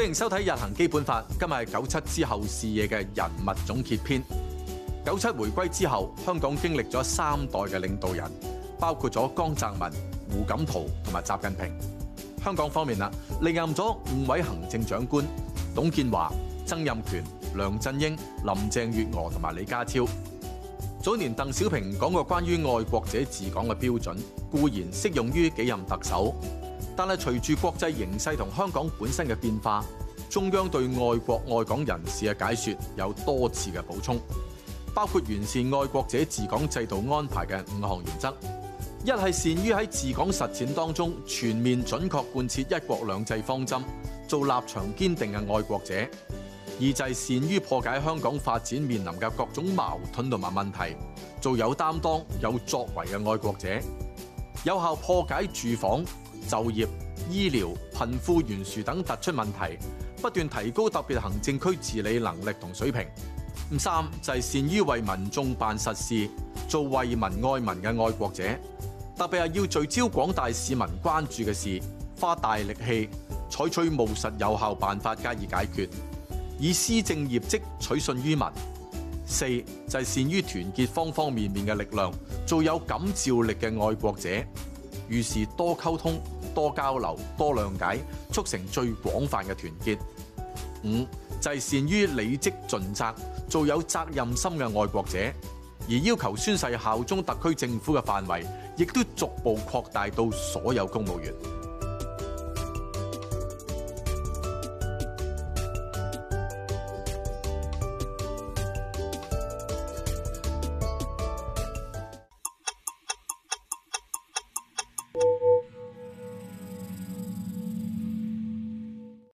歡迎收睇《日行基本法》，今日係九七之後視野嘅人物總結篇。九七回歸之後，香港經歷咗三代嘅領導人，包括咗江澤民、胡錦濤同埋習近平。香港方面啊，歷任咗五位行政長官：董建華、曾蔭權、梁振英、林鄭月娥同埋李家超。早年鄧小平講過關於愛國者治港嘅標準，固然適用於幾任特首。但係隨住國際形勢同香港本身嘅變化，中央對愛國愛港人士嘅解說有多次嘅補充，包括完善愛國者治港制度安排嘅五項原則：一係善於喺治港實踐當中全面準確貫徹一國兩制方針，做立場堅定嘅愛國者；二就係善於破解香港發展面臨嘅各種矛盾同埋問題，做有擔當、有作為嘅愛國者，有效破解住房、就業、醫療、貧富懸殊等突出問題，不斷提高特別行政區治理能力同水平。三就係、是、善於為民眾辦實事，做為民愛民嘅愛國者。特別係要聚焦廣大市民關注嘅事，花大力氣，採取務實有效辦法加以解決，以施政業績取信於民。四就係、是、善於團結方方面面嘅力量，做有感召力嘅愛國者，遇事多溝通。多交流，多諒解，促成最廣泛嘅團結。五就係、是、善於履職盡責，做有責任心嘅愛國者。而要求宣誓效忠特區政府嘅範圍，亦都逐步擴大到所有公務員。